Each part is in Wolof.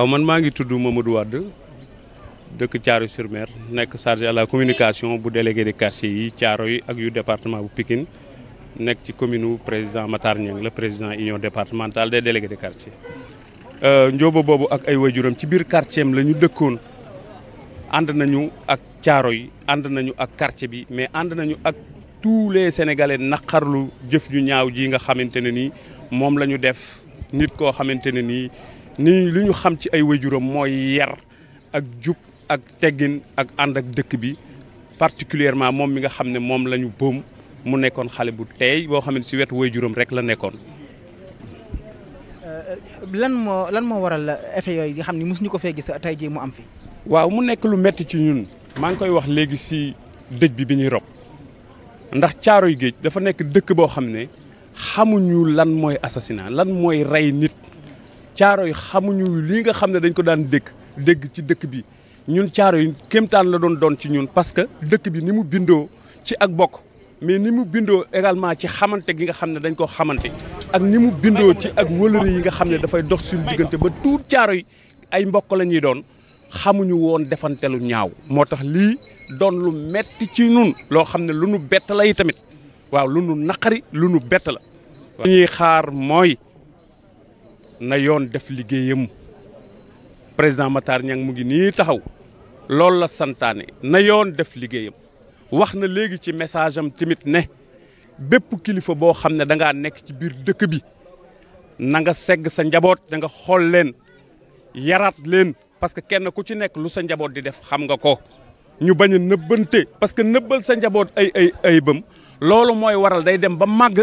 waaw man maa ngi tudd du Wade dëkk caaro sur mer nekk chargé à la communication bu délégué de quartier yi yi ak yu département bu pikin nekk ci commune wu président Matar Niang la président union départementale des délégués de quartier. Euh, njóoba boobu ak ay wajuram ci biir quartier am la ñu dëkkoon ànd nañu ak caaro yi ànd nañu ak quartier bi mais ànd nañu ak tous les sénégalais naqarlu jëf ju ñaaw ji nga xamante ne ni moom la ñu def nit koo xamante ne nii. ni li ñu xam ci ay waajuram mooy yar ak jub ak teggin ak ànd ak dëkk bi particulièrement moom mi nga xam ne moom lañu ñu mu nekkoon xale bu teey boo xam ne si wetu juróom rek la nekkoon. Euh, lan moo lan moo waral effet yooyu nga xam ni mosuñu ko fee gis tey jii mu am fi. waaw mu nekk lu metti ci ñun maa ngi koy wax léegi si dëj bi bi ñuy rob ndax caaro caaroy géej dafa nekk dëkk boo xam ne xamuñu lan mooy assassinat lan mooy rey nit. caaro yi xamuñu lii nga xam ne dañ ko daan dégg dégg ci dëkk bi ñun caaro yi kéemtaan la doon doon ci ñun parce que dëkk bi ni mu bindoo ci ak bokk mais ni mu bindoo également ci xamante gi nga xam ne dañ koo xamante ak ni mu bindoo ci ak wëlëri yi nga xam ne dafay dox suñu diggante ba tuut caaro yi ay mbokk la ñuy doon xamuñu woon defantelu ñaaw moo tax lii doon lu metti ci nun loo xam ne lu nu bett la yi tamit waaw lu nu naqari lu nu bett la ñuy xaar mooy na yoon def liggéeyam président Matar Niang mu ngi nii taxaw loolu la santaane na yoon def liggéeyam wax na léegi ci message am tamit ne bépp kilifa boo xam ne da ngaa nekk ci biir dëkk bi na nga segg sa njaboot da nga xool leen yaraat leen parce que kenn ku ci nekk lu sa njaboot di def xam nga ko ñu bañ a nëbbante parce que nëbbal sa njaboot ay ay ay bam loolu mooy waral day dem ba màgg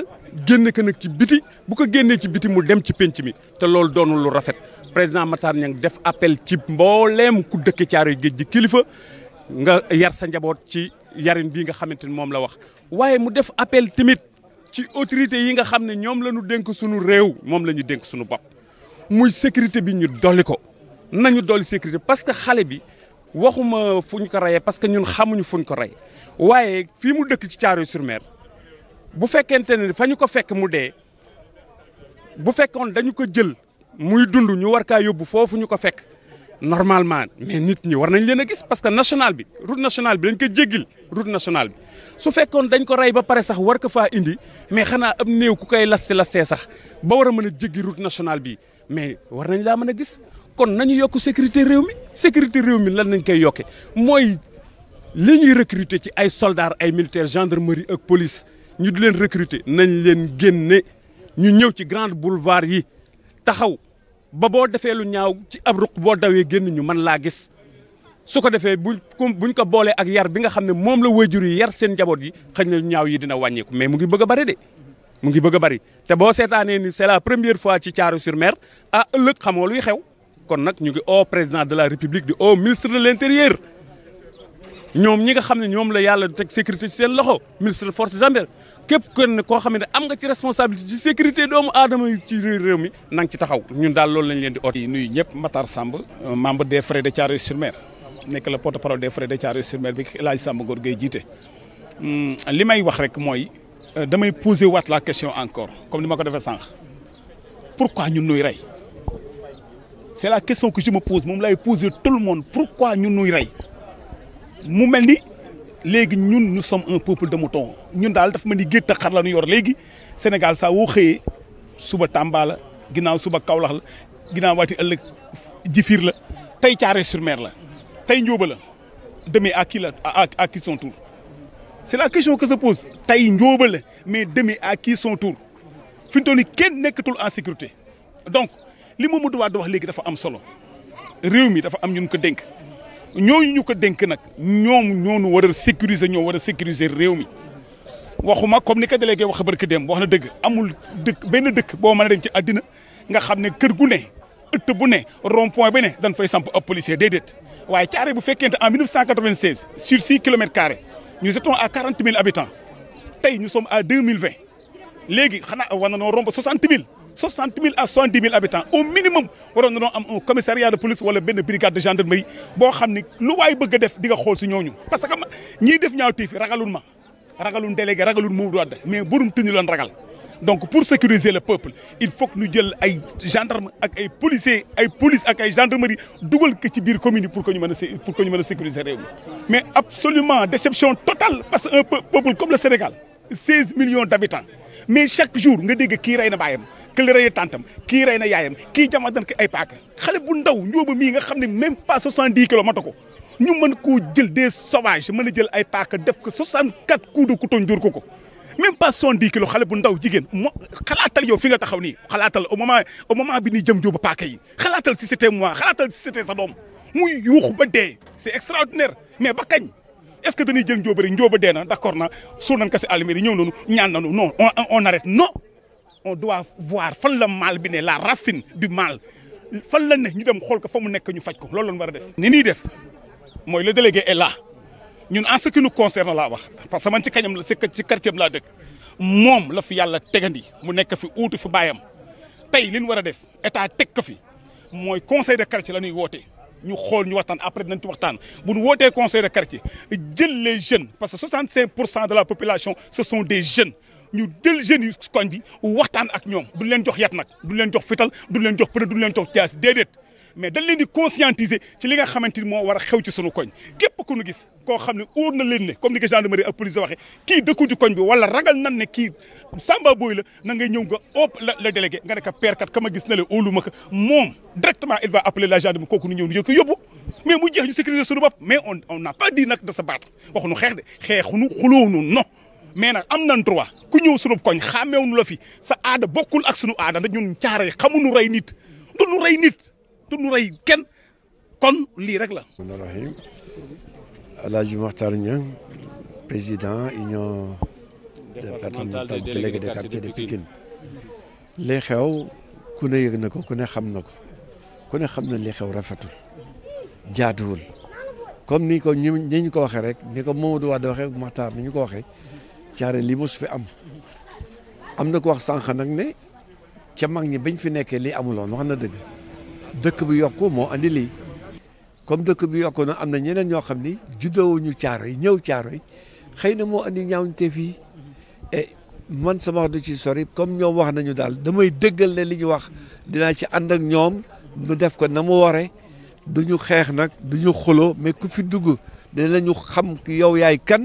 génne ko nag ci biti bu ko génnee ci biti mu dem ci pénc mi te loolu doonul lu rafet président Matar Niang def appel ci mbooleem ku dëkk Caaroy géej gi kilifa nga yar sa njaboot ci yarin bii nga xamante ni moom la wax waaye mu def appel tamit ci autorité yi nga xam ne ñoom la ñu dénk suñu réew moom la ñu dénk suñu bopp muy sécurité bi ñu dolli ko nañu dolli sécurité parce que xale bi waxuma fu ñu ko reyee parce que ñun xamuñu fu ñu ko rey waaye fii mu dëkk ci Thiaroye-sur-Mer bu fekkente ne fa ñu ko fekk mu dee bu fekkoon dañu ko jël muy dund ñu war kaa yóbbu foofu ñu ko fekk normalement mais nit ñi war nañ leen a gis parce que national bi route nationale bi ko jéggil route nationale bi su fekkoon dañ ko rey ba pare sax war ko faa indi mais xanaa am new ku koy laste lastee sax ba war a mën a jéggi route nationale bi mais war nañ laa mën a gis kon nañu yokk sécurité réew mi sécurité réew mi lan nañ koy yokke mooy li ñuy recruter ci ay soldats ay militaires gendarmerie ak police ñu di leen recruter nañ leen génne ñu ñëw ci grand boulevard yi taxaw ba boo defee lu ñaaw ci ab ruq boo dawee génn ñu man laa gis su ko defee buñ buñ ko boolee ak yar bi nga xam ne moom la waajur yi yar seen njaboot yi xëñ na ñaaw yi dina wàññeeku mais mu ngi bëgg a bari de mu ngi bëgg a bari te boo seetaanee ni c'est la première fois ci Thiaroye-sur-Mer ah ëllëg xamoo luy xew. kon nag ñu ngi au président de la république di au ministre de l' ñoom ñi nga xam ne ñoom la yàlla teg sécurité seen loxo ministre de forces armées képp kenn koo xam ne am nga ci responsabilité ci sécurité doomu aadama yi ci réew mi na ci taxaw ñun daal loolu lañ leen di oote. nuyu ñëpp Matar Samb membre des frères de Thiaroye-sur-Mer nekk la porte-parole des frères de Thiaroye-sur-Mer bi El Hadj Samb Gorgui jiite hmm, li may wax rek mooy euh, damay poser waat la question encore comme ni ma ko defee sànq pourquoi ñun ñuy rey. c'est la question que je me pose moom lay poser tout le monde pourquoi ñun ñuy rey mu mel ni léegi ñun nous sommes un peuple de mouton ñun daal dafa mel ni gétt xar la ñu yor léegi Sénégal saa woo xëyee suba Tamba la ginnaaw suba Kaolack la ginnaaw waati ëllëg Djifir la tey thiaroye sur la tey Ndioba la demain à qui la son tour c'est la question que se pose tey Ndioba la mais demain à qui son tour fi mu toll nii kenn nekkatul en sécurité donc. li Mamadou Wade wax léegi dafa am solo réew mi dafa am ñun ko dénk ñooñu ñu ko denk nag ñoom ñoonu war a sécuriser ñoo war a sécuriser réew mi waxuma comme ni ko délégué wax barki dem wax na dëgg amul dëkk benn dëkk boo man a dem ci àddina nga xam ne kër gu ne ëtt bu ne rond point bi ne dañ fay samp a policier déedéet waaye caare bu fekkente en 1996 sur 6 kilomètres carrés nous étions à 40 000 habitants tey ñu sommes à 2020 léegi xanaa war na noo romb 60 soixante mille à soixante dix mille habitants au minimum waroon na doon am un commissariat de police wala benn brigade de gendarmerie boo xam ni lu waay bëgg def di xool si ñooñu. parce que ma ñiy def ñaaw tiif ragalun ma ragalun délégué mu wadd mais burum tuñu leen ragal. donc pour sécuriser la peuple il faut que ñu jël ay gendarme ak ay policiers ay police ak ay gendarmerie dugal ko ci biir commune pour que ñu mën a pour que ñu mën sécuriser réew mais absolument déception totale parce que un peuple comme le Sénégal 16 millions d' habitants mais chaque jour nga dégg kii rey na baayam kële rey tàntam kii rey na yaayam kii jamaat nañ ko ay paaka xale bu ndaw njóoba mii nga xam ne même pas soixante-dix kilos matu ko ñu mën koo jël des sauvages mën a jël ay paaka def ko soixante-quatre coups de couteau njur ko ko même pas soixante-dix kilo xale bu ndaw jigéen mo xalaatal yow fi nga taxaw nii xalaatal au moment au moment bi ni jëm jóoba paaka yi xalaatal si c'était moi xalaatal si c'était sa doom muy yuuxu ba dee c'est extraordinaire mais ba kañ est-ce que dañuy jël njóoba rek njóoba dee na d'accord na su nañ ko si alméri ñëw nañu ñaan nañu non on arrête non on doit voir fan la mal bi ne la racine du mal fan la ne ñu dem xool ko fa mu nekk ñu faj ko loolu lañ war a def. ni ñuy def mooy la délégué est là ñun en ce qui nous concerne laa wax parce que man ci kañam la ci quartier am laa dëkk moom la fi yàlla tegandi mu nekk fi uutu fu baayam tey li ñu war def état teg ko fi mooy conseil de quartier la ñuy woote. ñu xool ñu waxtaan après dinañ ci waxtaan bu ñu wootee conseil de quartier jël les jeunes parce que 65 jeunes ñu jël jeunes bi waxtaan ak ñoom du leen jox yat nag du leen jox fital du leen jox përë du leen jox jaas déedéet mais dañ leen di conscientiser ci li nga xamante ni moo war a xew ci sunu koñ képp ku nu gis koo xam ne óor na leen ne comme ni ko gendarmerie ak police waxee kii dëkku ci koñ bi wala kii Samba Boy la na ngay ñëw nga ëpp la la délégué nga ma gis na la óolu ma ko moom directement il va ko yóbbu mais mu jeex ñu sécuriser sunu bopp mais on n'a pas dit nag de se battre waxuñu xeex de xeexuñu xulóonu non mais nag am nan droit ku ñëw sunu koñ xàmmeewuñu la fi sa aada bokkul ak sunu aada ndax ñun caare xamuñu rey nit du ñu rey nit du ñu rey kenn kon lii rek la. rahmaani Alaaji Maxtar Niang président union départementale délégué des quartiers de Pikine li xew ku ne yëg na ko ku ne xam na ko ku ne xam na li xew rafetul jaaduwul comme ni ko ñii ñu ko waxee rek ni ko Mamadou Wade waxee Maxtar ni ñu ko waxee caare li mos fi am am na ko wax sànq nag ne ca mag ñi bañ fi nekkee lii amuloon wax na dëgg dëkk bi yokku moo andi lii comme dëkk bi yokku na am na ñeneen ñoo xam ni juddoo ñu yi ñëw caaro yi xëy na moo andi ñaaw te fii et man sama wax du ci sori comme ñoom wax nañu daal damay dëggal ne li ñu wax dinaa ci ànd ak ñoom ñu def ko na mu waree du ñu xeex nag du ñu xuloo mais ku fi dugg dinañu xam yow yaay kan.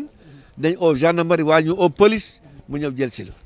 dañ au gendarmerie waa ñu o police mu ñëw jël si la